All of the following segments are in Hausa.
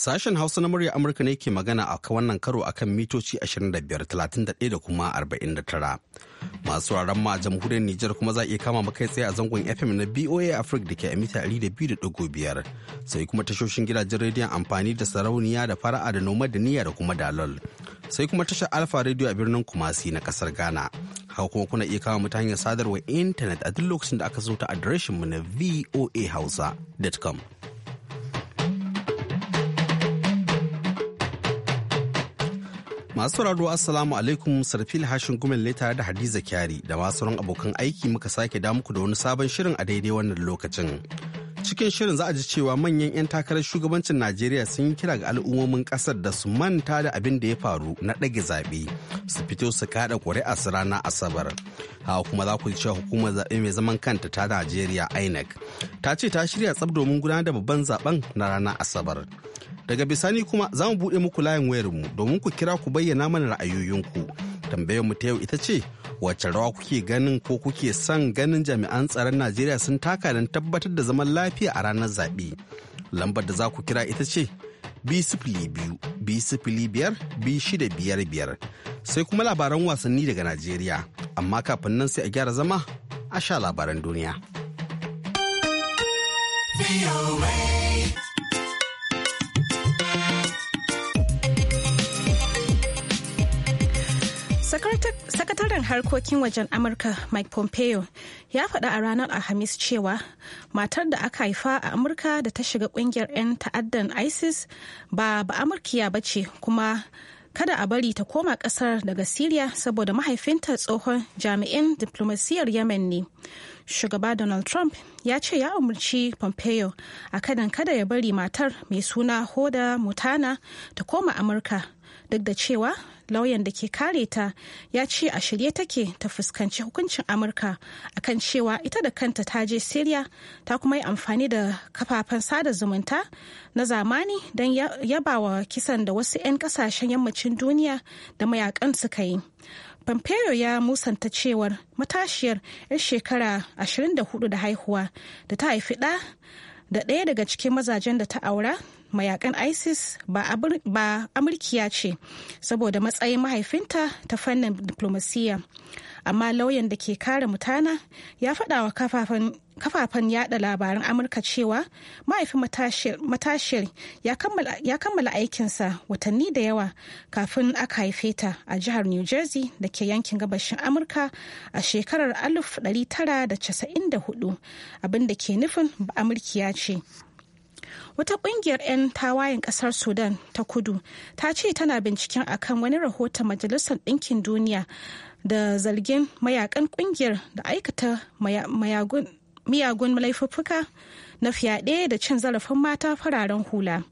Sashen Hausa na murya Amurka ne ke magana a wannan karo akan mitoci 25,31 da kuma 49. Masu raran ma a jamhuriyar Nijar kuma za a iya kama makai tsaye a zangon FM na BOA Africa da ke a mita 200.5 sai kuma tashoshin gidajen rediyon amfani da sarauniya da fara'a da noma da niyya da kuma dalol. Sai kuma tashar Alfa Radio a birnin Kumasi na kasar Ghana. Haka kuma kuna iya kama mutane hanyar sadarwar intanet a duk lokacin da aka zo ta adireshin mu na voahausa.com. Masu sauraro Assalamu alaikum sarfil hashin gumin ne tare da Hadiza Kyari da masu sauran abokan aiki muka sake da muku da wani sabon shirin a daidai wannan lokacin. Cikin shirin za a ji cewa manyan 'yan takarar shugabancin Najeriya sun yi kira ga al'ummomin kasar da su manta da abin da ya faru na ɗage zaɓe su fito su kaɗa ƙuri'a su rana Asabar. Hawa kuma za ku ji cewa hukumar zaɓe mai zaman kanta ta Najeriya INEC ta ce ta shirya tsab domin gudanar da babban zaɓen na ranar Asabar. Daga bisani kuma za mu buɗe muku layin wayarmu domin ku kira ku bayyana mana ra'ayoyinku. Tambayar mu ta yau ita ce, wacce rawa kuke ganin ko kuke son ganin jami'an tsaron Najeriya sun taka don tabbatar da zaman lafiya a ranar zaɓe. Lambar da za ku kira ita ce bi biyu, biyar sai kuma labaran wasanni daga Najeriya. Amma kafin nan sai a gyara zama a sha labaran duniya. Sakataren harkokin wajen Amurka Mike Pompeo ya faɗa a ranar Alhamis cewa matar da aka haifa a Amurka da ta shiga ƙungiyar 'yan ta'addan ISIS ba ba Amurkiya ba ce kuma kada a bari ta koma ƙasar daga Syria saboda mahaifinta tsohon jami'in diplomasiyar Yemen ne. Shugaba Donald Trump ya ce ya umarci Pompeo a kadan kada ya bari matar mai suna Hoda Mutana ta koma Amurka. duk da cewa lauyan da ke kare ta ya ce a shirye take ta fuskanci hukuncin amurka akan cewa ita da kanta ta je siriya ta kuma yi amfani da kafafen sada zumunta na zamani don yabawa kisan da wasu 'yan kasashen yammacin duniya da mayakan suka yi pompeo ya musanta cewar matashiyar 'yan shekara 24 da haihuwa da ta haifi da ɗaya daga cikin mazajen da ta aura mayakan isis ba amurkiya ce saboda matsayin mahaifinta ta fannin diplomasiya amma lauyan da ke kare mutana ya faɗa wa kafafen yada labaran amurka cewa mahaifin matashiyar ya kammala aikinsa watanni da yawa kafin aka haife ta a jihar new jersey da ke yankin gabashin amurka a shekarar 1994 abinda ke nufin ba amurkiya ce wata ƙungiyar 'yan tawayen ƙasar sudan ta kudu ta ce tana binciken akan wani rahoton majalisar ɗinkin duniya da zargin mayakan ƙungiyar da aikata miyagun laifuffuka na fyaɗe da cin zarafin mata fararen hula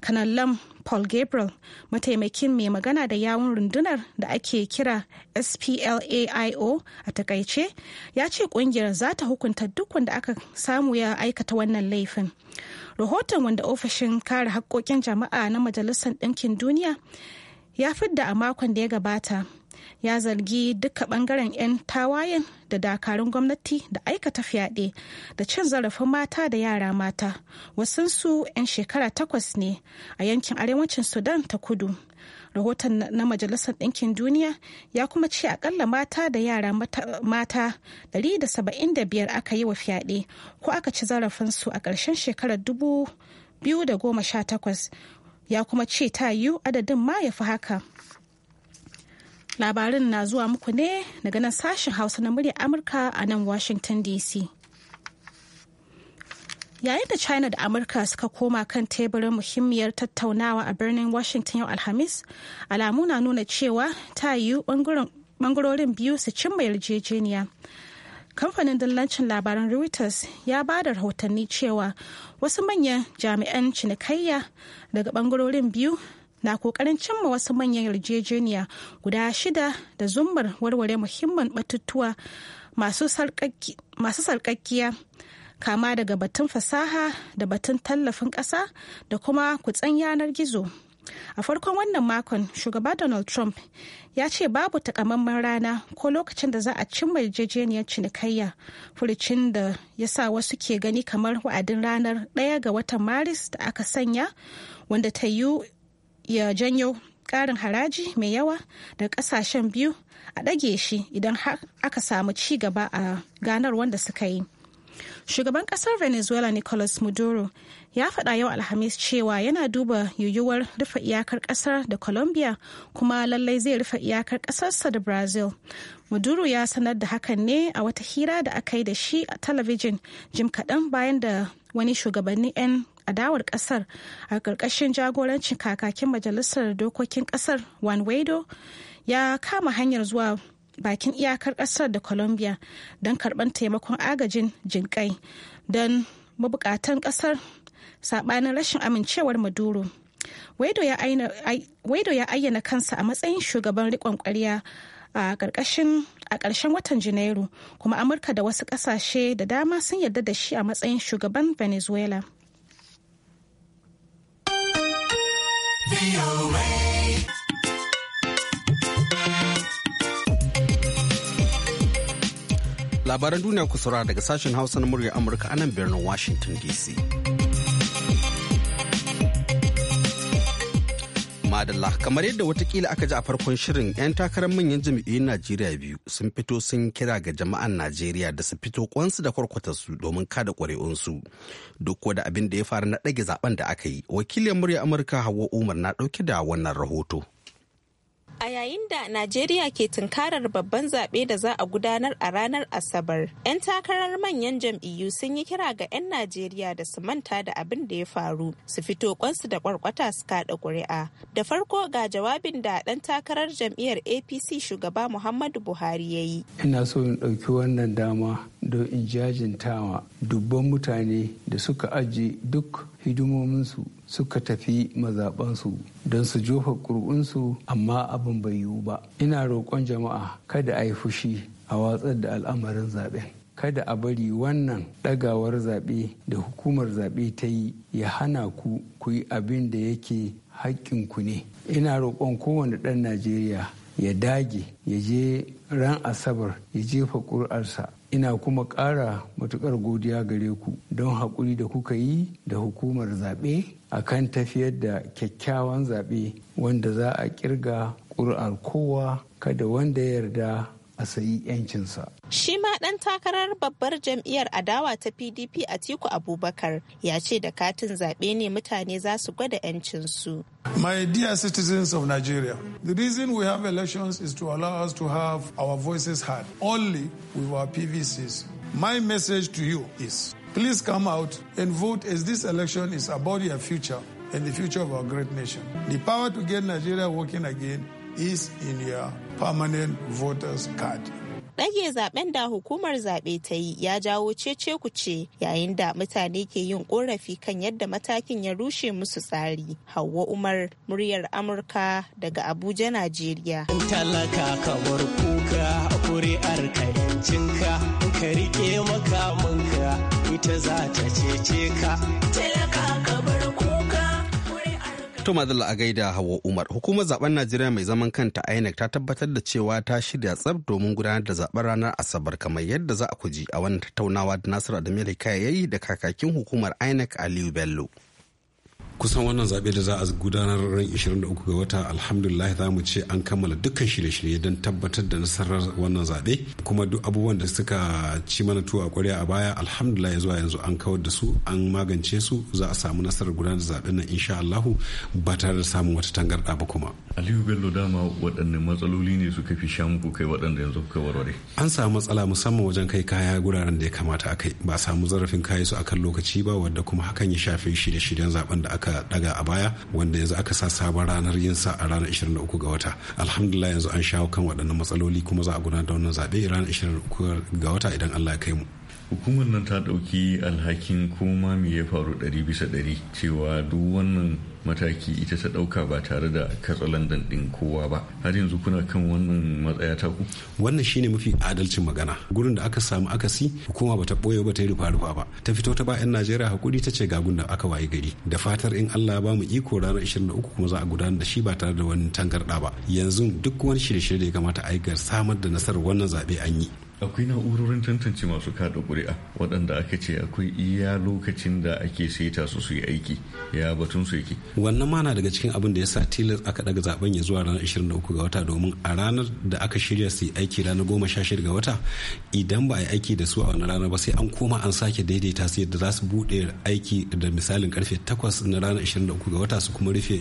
kanallam paul gabriel mataimakin mai magana da yawun rundunar da ake kira splaio a takaice ya ce kungiyar za ta hukunta duk wanda aka samu ya aikata wannan laifin rahoton wanda ofishin kare haƙƙoƙin jama'a na majalisar ɗinkin duniya ya fidda a makon da ya gabata ya zargi duka bangaren 'yan tawayen da dakarun gwamnati da aikata fyaɗe da cin zarafin mata da yara mata wasansu 'yan shekara takwas ne a yankin arewacin sudan ta kudu rahoton na majalisar ɗinkin duniya ya kuma ce akalla mata da yara mata 175 aka yi wa fyaɗe ko aka ci zarafinsu a ƙarshen shekarar 2018 ya kuma ce ta yiwu adadin ma ya fi haka labarin na zuwa muku ne daga nan sashen hausa na murya amurka a nan washington dc yayin da china da amurka suka koma kan teburin muhimmiyar tattaunawa a birnin washington yau alhamis alamu na nuna cewa ta yiwu bangarorin biyu su cimma yarjejeniya kamfanin dillancin labaran reuters ya ba da rahotanni cewa wasu manyan jami'an cinikayya daga bangarorin biyu na kokarin cimma wasu manyan yarjejeniya guda shida da zumbar warware muhimman batutuwa masu sarkakkiya kama daga batun fasaha da batun tallafin ƙasa da kuma kutsen yanar gizo a farkon wannan makon shugaba donald trump ya ce babu takamaiman rana ko lokacin da za a cimma yarjejeniyar cinikayya furucin da ya sa wasu ke gani kamar wa'adin ranar ɗaya ga watan maris da aka sanya wanda ta yiwu ya janyo karin haraji mai yawa da kasashen biyu a ɗage shi idan aka samu ci gaba a ganar wanda suka yi shugaban kasar venezuela nicolas maduro ya faɗa yau alhamis cewa yana duba yiwuwar rufe iyakar ƙasar da colombia kuma lallai zai rufe iyakar ƙasarsa da brazil maduro ya sanar da hakan ne a wata hira da aka yi da shi a talabijin jim kaɗan bayan da wani shugabannin 'yan adawar kasar a ƙarƙashin jagorancin kakakin majalisar dokokin kasar Juan Guaido ya kama hanyar zuwa bakin iyakar kasar da Colombia don karɓar taimakon agajin jinƙai don mabukatan kasar saɓanin rashin amincewar Maduro. wedo ya ayyana kansa a matsayin shugaban riƙon ƙwarya a ƙarshen watan Janairu, kuma Amurka da wasu ƙasashe da dama sun yarda da shi a matsayin shugaban Venezuela. Labaran duniya ku saurara daga sashen Hausa na murya Amurka a nan birnin Washington DC. madalla kamar yadda watakila aka ji a farkon shirin 'yan takarar manyan jam'iyyun najeriya biyu sun fito sun kira ga jama'an najeriya da su fito kwansu da kwarkwatar su. domin kada su. duk da abin da ya faru na ɗage zaben da aka yi wakilin murya amurka hawwa umar na ɗauke da wannan rahoto A yayin da Najeriya ke tunkarar babban zaɓe da za a gudanar a ranar Asabar, 'yan takarar manyan jam'iyyu sun yi kira ga 'yan Najeriya da su manta da abin da ya faru, su fito kwansu da kwarkwata su kaɗa ƙuri'a. Da farko ga jawabin da ɗan takarar jam'iyyar APC shugaba Muhammadu Buhari ya yi. Ina so in ɗauki wannan dama don in jajintawa dubban mutane da suka aji duk hidimominsu suka tafi mazaɓansu don su jofa ƙuri'unsu amma abin bai yiwu ba ina roƙon jama'a kada a yi fushi a watsar da al'amarin zaɓen kada a bari wannan ɗagawar zaɓe da hukumar zaɓe ta yi ya hana ku ku yi abin da yake haƙƙinku ne ina roƙon kowane ɗan najeriya ya dage ya je ran asabar ya jefa ƙuri'arsa ina kuma ƙara matuƙar godiya gare ku don haƙuri da kuka yi da hukumar zaɓe a kan tafiyar da kyakkyawan zaɓe wanda za a ƙirga ƙuri'ar kowa kada wanda ya yarda a Shi ma ɗan takarar babbar jam'iyyar adawa ta PDP a Tiku Abubakar ya ce da katin zaɓe ne mutane za su gwada 'yancinsu. My dear citizens of Nigeria, the reason we have elections is to allow us to have our voices heard only with our PVCs. My message to you is please come out and vote as this election is about your future and the future of our great nation. The power to get Nigeria working again is in your permanent voters card. Ɗage zaben da hukumar zaɓe ta yi ya jawo cece kuce yayin da mutane ke yin ƙorafi kan yadda matakin ya rushe musu tsari. Hauwa Umar, muryar Amurka daga Abuja, Najeriya. Talaka ka bar kuka, kuri'ar ka yancinka, ka riƙe makamanka, ita za ta cece ka. To madalla a gaida Hawa Umar. Hukumar zaben Najeriya mai zaman kanta INEC ta tabbatar da cewa ta shirya tsab domin gudanar da zaben ranar Asabar kamar yadda za a kuji a wannan tattaunawa da Nasiru da mai yi da kakakin hukumar INEC Aliyu Bello. kusan wannan zaɓe da za a gudanar ran 23 ga wata alhamdulillah za mu ce an kammala dukkan shirye-shirye don tabbatar da nasarar wannan zaɓe kuma duk abubuwan da suka ci mana tuwo a ƙwarya a baya alhamdulillah ya zuwa yanzu an kawar da su an magance su za a samu nasarar gudanar da zaɓen nan insha Allah ba tare da samun wata tangarɗa ba kuma. Aliyu Bello dama waɗanne matsaloli ne suka fi sha muku kai waɗanda yanzu kuka warware. An samu matsala musamman wajen kai kaya guraren da ya kamata a kai ba a samu zarafin kayi su akan lokaci ba wadda kuma hakan ya shafi shirye-shiryen zaɓen da aka aka daga a baya wanda yanzu aka sa sabon ranar yin sa a ranar 23 ga wata alhamdulillah yanzu an shawo kan waɗannan matsaloli kuma za a gudanar da wannan zaɓe ranar 23 ga wata idan allah ya kai mu hukumar nan ta ɗauki alhakin koma me ya faru ɗari bisa ɗari cewa duk wannan mataki ita ta ɗauka ba tare da katsalandan ɗin kowa ba har yanzu kuna kan wannan matsaya ta ku wannan shine mafi adalcin magana gurin da aka samu akasi hukuma ba ta ɓoye ba ta yi rufa rufa ba ta fito ta ba 'yan najeriya hakuri ta ce ga da aka waye gari da fatar in allah ba mu iko ranar ishirin da uku kuma za a gudanar da shi ba tare da wani tangarɗa ba yanzu duk wani shirye-shirye da ya kamata a yi samar da nasarar wannan zaɓe an yi akwai na'urorin tantance masu kada kuri'a waɗanda aka ce akwai iya lokacin da ake saita su su yi aiki ya batun su yake wannan mana daga cikin abin da ya sa tilas aka daga zaben ya zuwa ranar 23 ga wata domin a ranar da aka shirya su yi aiki ranar goma sha shida ga wata idan ba a yi aiki da su a wannan ranar ba sai an koma an sake daidaita su da za su buɗe aiki da misalin karfe 8 na ranar 23 ga wata su kuma rufe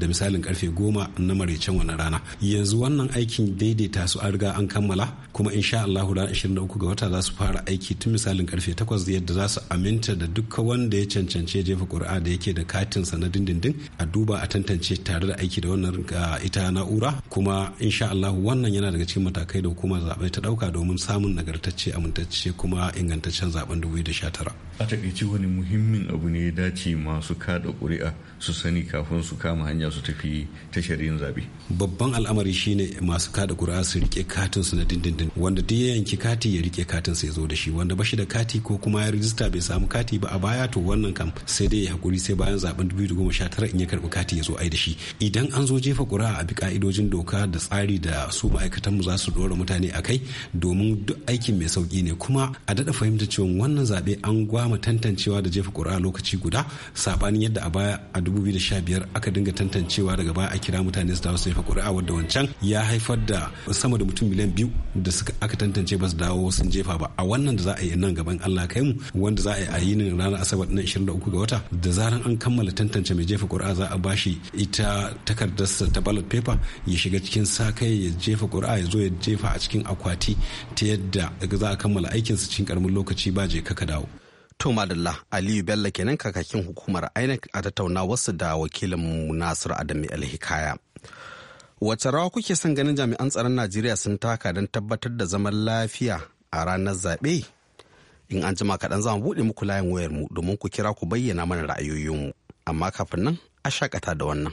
da misalin karfe goma na maraicen wannan rana yanzu wannan aikin daidaita su an riga an kammala kuma insha Allah guda 23 ga wata za su fara aiki tun misalin karfe 8 yadda za su aminta da dukkan wanda ya cancanci jefa ƙuri'a da yake da katin sa na dindindin a duba a tantance tare da aiki da wannan ga ita na'ura kuma insha Allah wannan yana daga cikin matakai da hukumar zaɓe ta ɗauka domin samun nagartacce amintacce kuma ingantaccen zaben 2019. a takaice wani muhimmin abu ne ya dace masu kada ƙuri'a su sani kafin su kama hanya su tafi tashar yin zabe babban al'amari shine masu kada ƙuri'a su rike katin su na dindindin wanda duk ya yanki kati ya rike katin ya zo da shi wanda bashi da kati ko kuma ya rijista bai samu kati ba a baya to wannan kam sai dai ya hakuri sai bayan zaben 2019 in ya karbi kati ya zo ai da shi idan an zo jefa ƙuri'a a bi ka'idojin doka da tsari da su ma'aikatan mu za su dora mutane a kai domin duk aikin mai sauki ne kuma a dada fahimta cewa wannan zabe an gwa kama tantancewa da jefa ƙuri'a lokaci guda saɓanin yadda a baya a 2015 aka dinga tantancewa daga baya a kira mutane su dawo su jefa ƙuri'a wadda wancan ya haifar da sama da mutum miliyan biyu da suka aka tantance ba su dawo sun jefa ba a wannan da za a yi nan gaban Allah kai mu wanda za a yi a yinin ranar asabar na 23 ga wata da zaran an kammala tantance mai jefa ƙuri'a za a bashi ita takardarsa ta ballot paper ya shiga cikin sa kai ya jefa ƙuri'a ya zo ya jefa a cikin akwati ta yadda za a kammala aikinsa cikin karamin lokaci ba je ka dawo To Madalla Aliyu Bello kenan kakakin hukumar INEC a tattauna wasu da wakilin Nasiru Adamu Alhikaya. Wace rawa kuke son ganin jami'an tsaron Najeriya sun taka don tabbatar da zaman lafiya a ranar zaɓe? In an jima kaɗan za mu buɗe muku layin wayar mu domin ku kira ku bayyana mana ra'ayoyinmu. Amma kafin nan a shakata da wannan.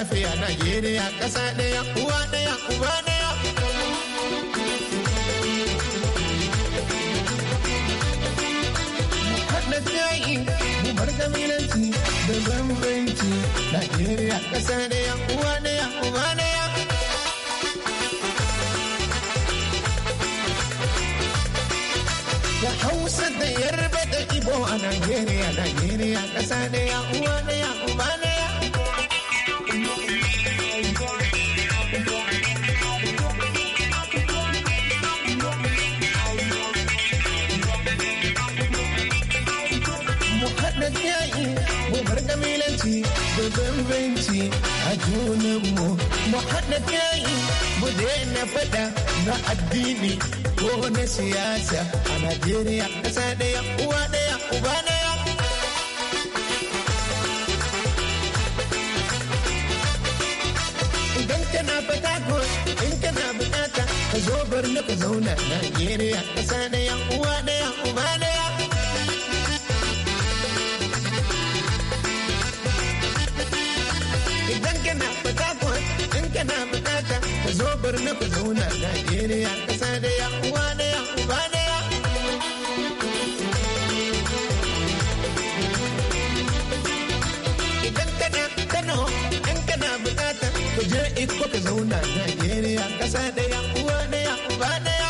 lafiya Najeriya ƙasa ɗaya uwa ɗaya uba ɗaya. Haɗa mu bar da bambanci Najeriya ƙasa ɗaya uwa ɗaya Da Hausa da Yarba da Ibo a Najeriya, Najeriya ƙasa ɗaya uwa na fada na addini ko na siyasa a Najeriya ƙasa ɗaya uwa ɗaya uba ɗaya. Idan kana fata ko in kana bukata ka zo bar na ka zauna Najeriya ƙasa ɗaya uwa ɗaya uba ɗaya. Idan kana fata ko in kana bukata mata ku zo bar na ku zauna Najeriya kasa da ya uwa da ya uba da ya. Idan kana Kano in kana bukata ku je iko ka zauna Najeriya kasa da ya uwa da ya uba da ya.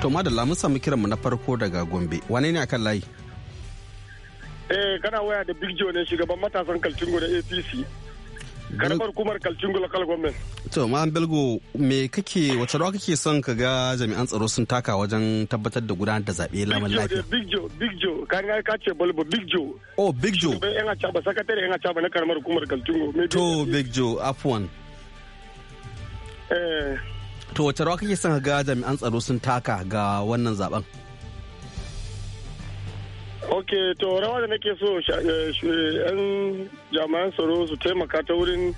To madalla mun samu kiranmu na farko daga Gombe. Wane ne akan layi? Eh kana waya da Big Joe ne shugaban matasan Kaltungo da APC. Karamar kumar Kaltungo local government. To Malam Belgo me kake wace rawa kake son ka ga jami'an tsaro sun taka wajen tabbatar da gudanar da zaɓe lamun lafiya? Big Joe, Big Joe, kan ga ka ce bulbu Big Joe. Oh Big Joe. Shugaban yan acaba sakatare yan acaba na karamar kumar Kaltungo. To Big Joe, afwan. Eh to wace rawa kake son ga jami'an tsaro sun taka ga wannan zaben ok to rawa da nake so eh, yan jami'an tsaro su taimaka ta wurin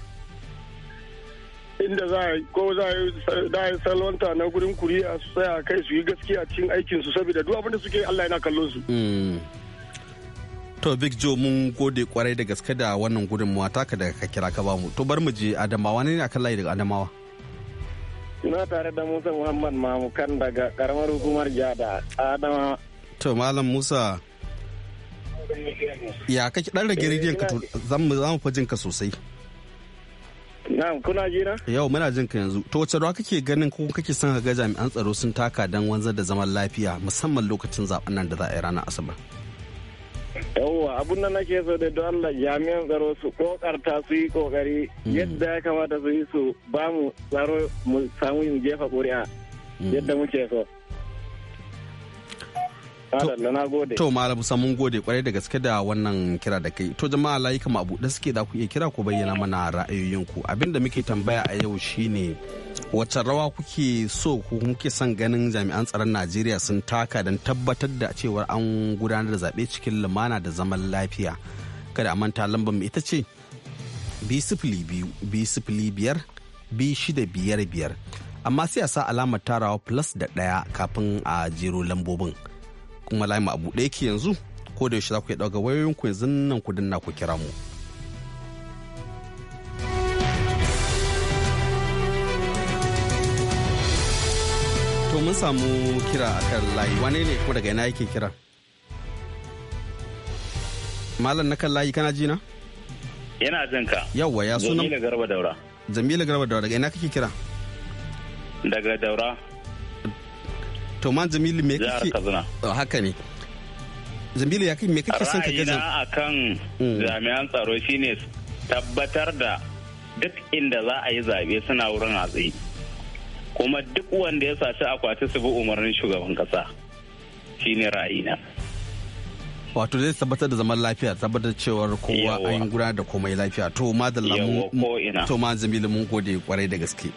inda za a ko za a yi salwanta na gurin kuriya su tsaya kai su yi gaskiya cikin aikinsu saboda duk abinda da suke Allah yana kallon su hmm. to big joe mun gode kwarai da gaske da wannan gudunmawa taka daga ka kira ka bamu to bar mu je adamawa ne akan layi daga adamawa Suna tare da Musa Muhammad Mamukan daga karamar hukumar Jada, Adama. To, Malam Musa. Ya kake ɗan rage eh, rediyon ka zan mu zamu fa ka sosai. Na'am, kuna jira? Yau muna jin ka yanzu. To, wace rawa kake ganin ko kake son ga jami'an tsaro sun taka don wanzar da zaman lafiya musamman lokacin zaben nan da za a yi ranar Asabar? yawwa abun da nake so da don jami'an tsaro su kokarta su yi kokari hmm. yadda ya kamata su yi su ba mu tsaro mu samu mu jefa ƙuri'a hmm. yadda muke so To Musa mun gode kwarai da gaske da wannan kira da kai. To jama'a layuka mu abu da suke da ku iya kira ku bayyana mana ra'ayoyinku. Abinda muke tambaya a yau shine wacce rawa kuke so ko kuke son ganin jami'an tsaron Najeriya sun taka don tabbatar da cewar an gudanar da zaɓe cikin lumana da zaman lafiya. Kada a manta lambar mu ita ce b sifili biyu sifili biyar b shida biyar biyar amma sai a sa alamar tarawa plus da ɗaya kafin a jero lambobin. kuma layin mu a buɗe yake yanzu ko da yaushe za ku iya ɗauka wayoyinku yanzu nan ku dinna ku kira mu. To mun samu kira a kan layi wane ne ko daga ina yake kira? Malam na kan layi kana jina? Yana jin ka. Yawwa ya sunan. Jamila Garba Daura. Jamila Garba Daura daga ina kake kira? Daga Daura. to man Jamilu me kake oh, haka ne Jamilu ya me kake son ka gaza akan mm. jami'an tsaro shine tabbatar da duk inda za a yi zabe suna wurin a tsaye kuma duk wanda ya sace akwati su bi umarnin shugaban kasa shine ra'ayina wato zai tabbatar da zaman lafiya tabbatar cewar kowa an gudanar da komai lafiya to ma da lamu to ma zamili mun gode kwarai da gaske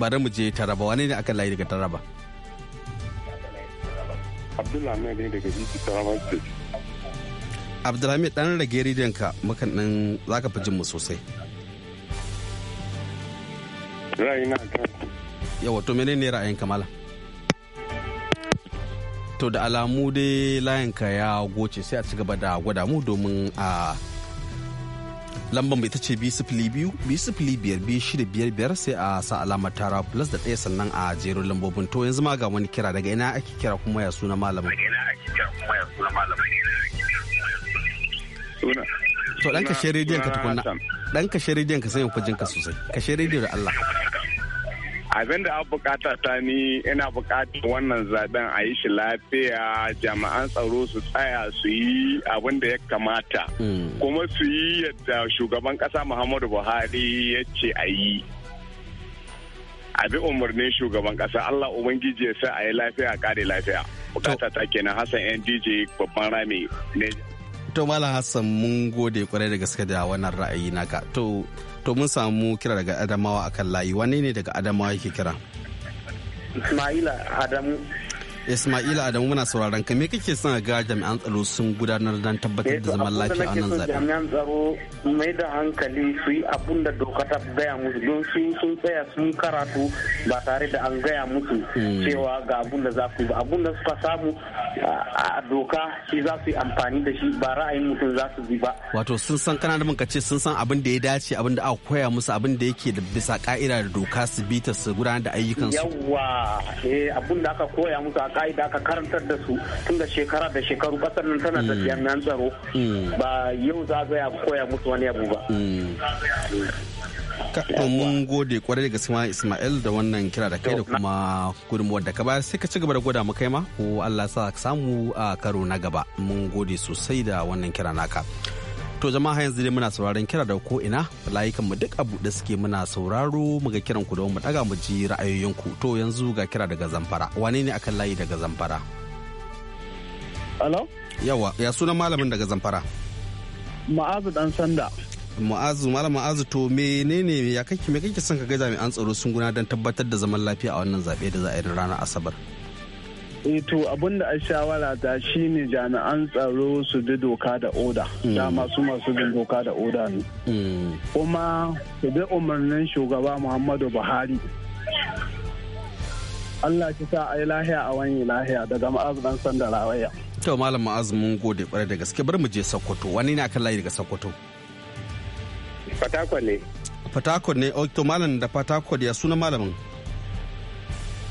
bari mu je taraba wani ne aka layi daga taraba Abdulhamid ne daga Biki Tarawa State. Abdulhamid dan rage rediyonka mukan dan zaka fi jin mu sosai. Ra'ayina kan. Yawa to menene ra'ayin kamala? To da alamu dai layinka ya goce sai a ci gaba da gwada mu domin a ah, lambar mai ita ce b biyu b biyar b shida biyar biyar sai a sa alamar tara plus da ɗaya sannan a jerin lambobin to yanzu ma ga wani kira daga ina ake kira kuma ya suna malama. to dan kashe rediyon ka tukunna dan kashe rediyon ka sai mu jin ka sosai kashe rediyo da Allah. abin da bukata ta ni ina bukatar wannan zaben a yi shi lafiya jami'an tsaro su tsaya su yi abin da ya kamata hmm. kuma su yi yadda shugaban kasa muhammadu buhari ya ce a yi abi umarnin shugaban kasa allah ubangiji ya sa a yi lafiya kare lafiya bukata ta kenan hassan yan dj babban rami ne to malam hassan mun gode kwarai da gaske da wannan ra'ayi naka to to mun samu kira daga adamawa akan layi wane ne daga adamawa yake kira ismaila adamu Ismaila Adamu muna sauraron ka me kake son ga jami'an tsaro sun gudanar dan tabbatar da zaman eh, lafiya a nan zaɓe. Jami'an tsaro mai da hankali su yi abun da doka ta gaya musu don sun sun tsaya sun karatu ba tare da an gaya musu hmm. cewa ga abun da za ku ba abun da suka samu a doka shi za su yi amfani da shi ba ra'ayin mutum za su bi ba. Wato sun san kana da ka ce sun san abin da ya dace abin da aka koya musu abin da yake da bisa ka'ida da doka su bi ta su gudanar da ayyukansu. Yawwa eh abun da aka koya musu ka'ida ka karantar da su tun da shekara da shekaru kasar nan tana da mm. jami'an tsaro mm. ba yau za a koya musu wani abu ba mm. to mun gode kwarai daga sima Ismail da wannan kira da kai da kuma gudunmuwar da ka bayar sai ka ci gaba da gwada mu kai ma ko Allah sa samu a karo na gaba mun gode sosai da wannan kira naka. To jama'a yanzu dai muna sauraron kira da ko ina layukan mu duk a buɗe suke muna sauraro mu ga kiran ku don mu daga mu ji ra'ayoyinku. To yanzu ga kira daga Zamfara. Wane ne akan layi daga Zamfara? Hello? Yawa, ya sunan malamin daga Zamfara? Ma'azu dan sanda. Ma'azu, malam Ma'azu to menene ya kake me kake son ka ga jami'an tsaro sun guna don tabbatar da zaman lafiya a wannan zabe da za a yi ranar Asabar? Eh, to abin da a shawara ta shine jami'an tsaro su bi doka da oda hmm. da su masu bin doka da oda ne hmm. kuma su bi umarnin shugaba muhammadu buhari Allah ki sa a yi lahiya a wani lahiya daga ma'azunan sanda rawaya. To malam ma'az mun gode kwarai da gaske bari mu je Sokoto wani ne akan layi daga Sokoto? Fatakon ne. Fatakon ne, to malam da Fatakon ya suna malamin.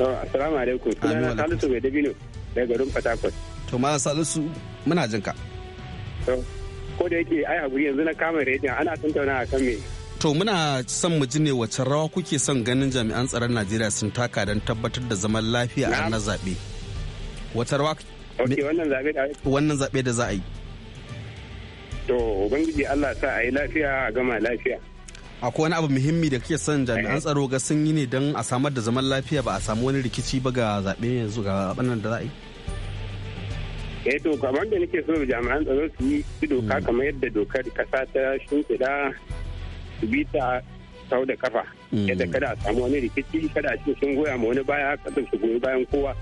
Assalamu alaikum. Sunana Salisu mai dabino daga garin Fatakwal. To ma Salisu muna jin ka. Ko da yake ai abu yanzu na kama rediyon ana tattauna a kan me. To muna son mu ji ne wacce rawa kuke son ganin jami'an tsaron Najeriya sun taka don tabbatar da zaman lafiya a na zaɓe. Wata rawa wannan zaɓe da za a yi. To Ubangiji Allah sa a yi lafiya a gama lafiya. akwai wani abu muhimmi da kake son jami'an eh. tsaro ga sun yi ne don a samar da zaman lafiya ba a samu wani rikici ba ga zaɓe yanzu ga ɓannan da za a yi eh to kamar da nake so jami'an tsaro su yi su doka hmm. kamar yadda dokar kasa ta shimfiɗa su bi ta sau da kafa hmm. yadda kada a samu wani rikici kada a cikin sun goya ma wani baya kada su goyi bayan kowa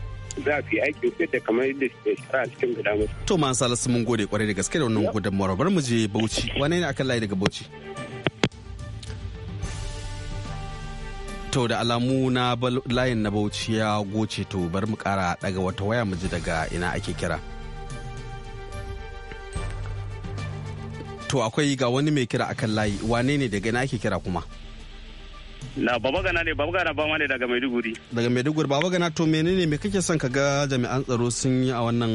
za a fi aiki yadda kamar yadda suke shara cikin guda musu. to ma salisu mun gode kwarai da gaske da wannan gudunmawar bar mu je bauchi wane ne akan layi daga bauchi. To da alamu na layin na Bauchi ya goce to bar mu kara daga wata waya mu ji daga ina ake kira. To akwai ga wani mai kira akan layi wane ne daga ina ake kira kuma? Na baba gana ne baba gana bama ne daga Maiduguri. Daga Maiduguri baba gana to menene me kake son ka ga jami'an tsaro sun yi a wannan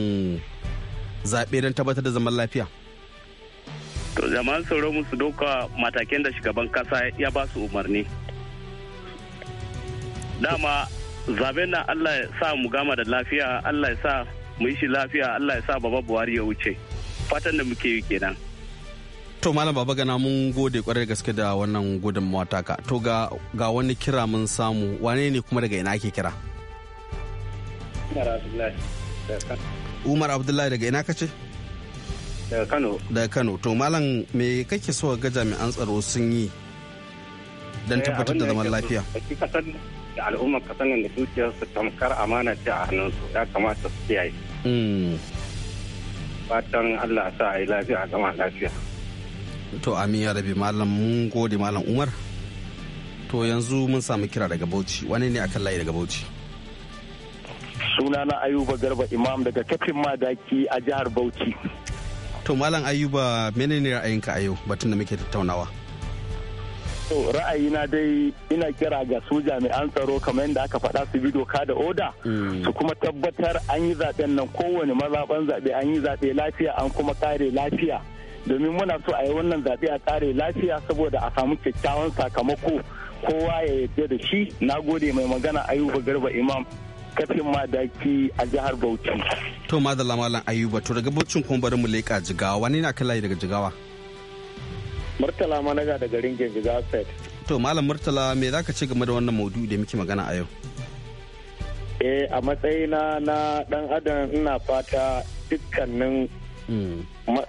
zaɓe don tabbatar da zaman lafiya? To jama'an tsaro musu doka matakin da shugaban kasa ya ba su umarni. dama zaben na Allah ya sa mu gama da lafiya Allah ya sa mu yi shi lafiya Allah ya sa baba Buhari ya wuce fatan da muke yi kenan to malam baba gana mun gode kwarai gaske da wannan gudun mataka to ga ga wani kira mun samu wane ne kuma daga ina ake kira Umar Abdullahi daga ina kace daga Kano daga Kano to malam me kake so ga jami'an tsaro sun yi don eh, tabbatar da zaman lafiya da al'ummar ka nan da su tamkar amana ce a hannunsu ya kamata su kiyaye. Hmm. Fatan Allah sa a yi lafiya a gama lafiya. To amin ya rabi malam mun gode malam Umar. To yanzu mun samu kira daga Bauchi wani ne akan layi daga Bauchi? Sunana Ayuba Garba Imam daga kafin madaki a jihar Bauchi. To malam Ayuba menene ra'ayinka a yau batun da muke tattaunawa? To na dai ina kira ga su jami'an tsaro kamar yadda aka faɗa su bi doka da oda mm. su kuma tabbatar an yi zaɓen nan kowane mazaɓan zaɓe an yi zaɓe lafiya an kuma kare lafiya. domin muna so a yi wannan zaɓe a kare lafiya saboda a samu kyakkyawan sakamako kowa ya yarda da shi na gode mai magana ayuba garba imam kafin madaki a jihar bauchi to madalla malam ayuba to daga bauchin kuma bari mu leƙa jigawa wani na kala daga jigawa Murtala Managa daga garin Gengiga State. To Malam Murtala me za ka ce game da wannan maudu'i da muke magana a yau? Eh a matsayina na dan adam ina fata dukkanin hmm.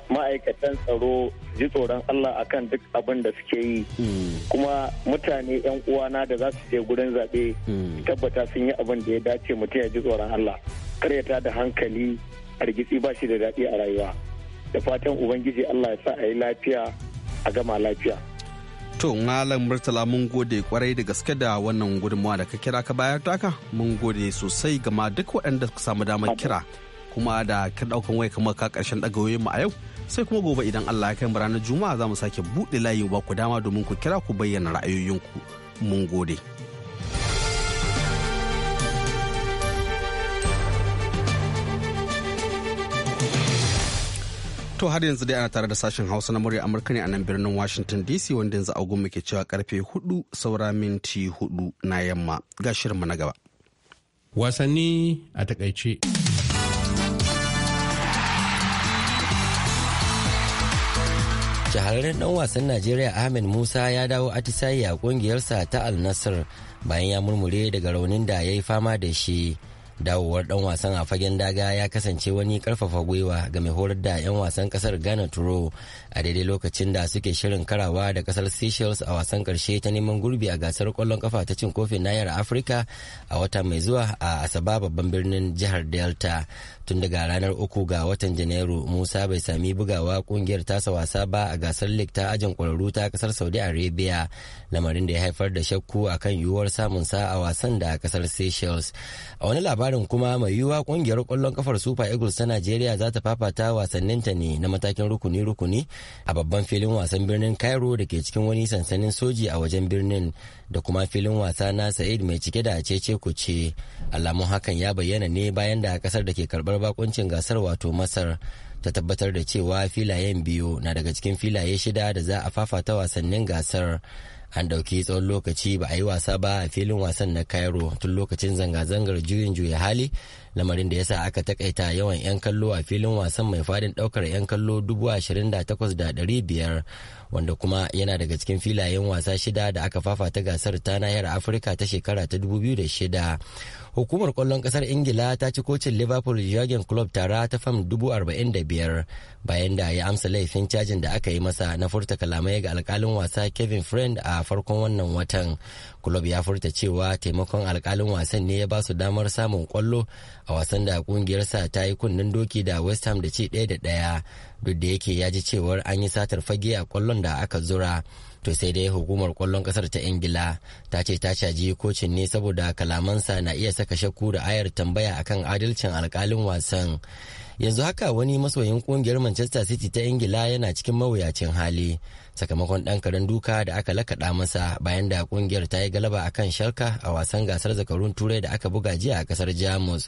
ma'aikatan tsaro ji tsoron Allah akan duk abin da suke yi hmm. kuma mutane 'yan uwana da za su je gurin zaɓe hmm. tabbata sun yi abin da ya dace mutum ya ji tsoron Allah karyata da hankali hargitsi ba shi da daɗi a rayuwa da fatan ubangiji Allah ya sa a yi lafiya a gama lafiya. To, Malam Murtala mun gode kwarai da gaske da wannan gudunmawa da ka kira ka bayar taka mun gode sosai gama duk waɗanda suka samu damar kira kuma da ka ɗaukan wai kamar ka ƙarshen ɗagayoyin mu a yau sai kuma gobe idan Allah ya kai mu ranar Juma'a za mu sake buɗe layi ba ku dama domin ku kira ku bayyana ra'ayoyinku. Mun gode. To har yanzu dai ana tare da sashen Hausa na murya Amurka ne a nan birnin Washington DC wanda yanzu agun muke cewa karfe hudu saura minti hudu na yamma ga shirinmu na gaba. Wasanni a takaice. Shahararren ɗan wasan Najeriya Ahmed Musa ya dawo atisaye a kungiyarsa ta al bayan ya murmure daga raunin da ya yi fama da shi. dawowar dan wasan a fagen daga ya kasance wani karfafa gwiwa ga mai horar da 'yan wasan kasar ghana turo a daidai lokacin da suke shirin karawa da kasar seychelles a wasan karshe ta neman gurbi a gasar kwallon kafa ta cin kofin nayar afirka a wata mai zuwa a asaba babban birnin jihar delta tun daga ranar uku ga watan janairu musa bai sami bugawa kungiyar tasa wasa ba a gasar league ta ajin kwararru ta kasar saudi arabia lamarin da ya haifar da shakku a kan yiwuwar samun sa a wasan da kasar seychelles a wani labarin kuma mai yiwuwa kungiyar kwallon kafar super eagles ta najeriya za ta fafata wasanninta ne na matakin rukuni-rukuni a babban filin wasan birnin cairo da ke cikin wani sansanin soji a wajen birnin da kuma filin wasa na sa'id mai cike da cece kuce alamun hakan ya bayyana ne bayan da kasar da ke karbar bakuncin gasar wato masar ta tabbatar da cewa filayen biyu na daga cikin filaye shida da za a fafata wasannin gasar an ɗauki tsawon lokaci ba a yi wasa ba a filin wasan na cairo tun lokacin zanga-zangar juyin juya hali lamarin da yasa aka takaita yawan 'yan kallo a filin wasan mai fadin ɗaukar 'yan kallo 28,500 wanda kuma yana daga cikin filayen wasa shida da aka fafata gasar ta nahiyar afirka ta shekara ta 2006 hukumar kwallon kasar ingila ta ci kocin liverpool jagen club tara ta fam 45,000 bayan da ya amsa laifin cajin da aka yi masa na furta kalamai ga alkalin wasa kevin friend a farkon wannan watan kulob ya furta cewa taimakon alkalin wasan ne ya ba su damar samun kwallo a wasan da kungiyarsa ta yi kunnen doki da west ham da ci ɗaya da ɗaya duk da yake ya ji cewar an yi satar fage a kwallon da aka zura to sai dai hukumar kwallon kasar ta ingila ta ce ta caji kocin ne saboda kalamansa na iya saka shakku da ayar tambaya akan adalcin alkalin wasan yanzu haka wani masoyin kungiyar manchester city ta ingila yana cikin mawuyacin hali sakamakon ɗan karen duka da aka lakaɗa masa bayan da ƙungiyar ta yi galaba a kan shalka a wasan gasar zakarun turai da aka buga jiya a ƙasar jamus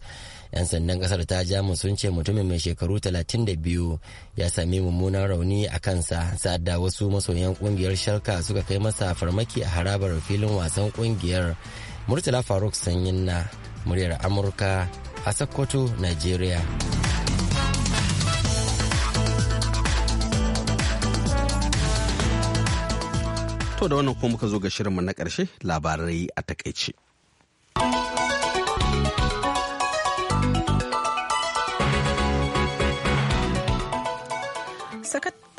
yan sandan ƙasar ta jamus sun ce mutumin mai shekaru talatin da biyu ya sami mummunan rauni a kansa sa'ad da wasu masoyan ƙungiyar shalka suka kai masa farmaki a harabar filin wasan ƙungiyar murtala faruk sanyin na muryar amurka a sokoto nigeria To da wannan kuma muka zo ga shirinmu na ƙarshe labarai a takaice.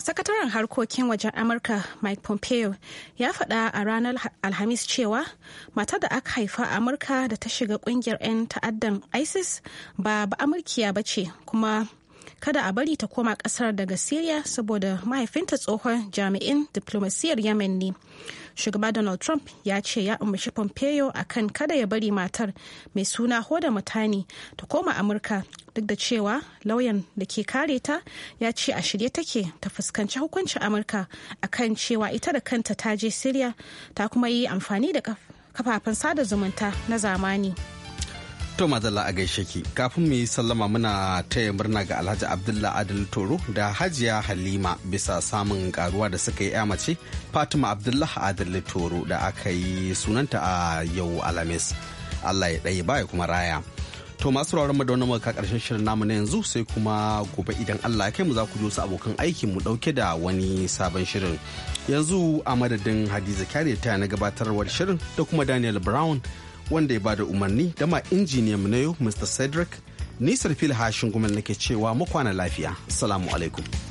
sakataren harkokin wajen amurka mike pompeo ya faɗa a ranar alhamis cewa mata da aka haifa a amurka da ta shiga ƙungiyar 'yan ta'addan isis ba ba amurkiya ba ce kuma kada a bari ta koma kasar daga syria saboda mahaifinta tsohon jami'in diplomasiyar yemen ne shugaba donald trump ya ce ya umarci pompeo kan kada ya bari matar mai suna hoda mutane ta koma amurka duk da cewa lauyan da ke kare ta ya ce a shirye take ta fuskanci hukuncin amurka a kan cewa ita da kanta ta je syria ta kuma yi amfani da kafafen sada zumunta na zamani. To mazalla a gaishe ki kafin mu yi sallama muna taya murna ga Alhaji Abdullah Adil Toro da Hajiya Halima bisa samun karuwa da suka yi mace Fatima Abdullah Adil Toro da aka yi sunanta a yau Alhamis. Allah ya ɗaya baya kuma raya. To masu mu da wani muka karshen shirin namu na yanzu sai kuma gobe idan Allah ya kai mu za ku ji abokan aikin mu dauke da wani sabon shirin. Yanzu a madadin Hadiza Kyari ta na gabatarwar shirin da kuma Daniel Brown wanda ya bada umarni da ma injiniyan mu na yau Mr. Cedric nisar fil hashin gumal nake cewa mu lafiya. Assalamu alaikum.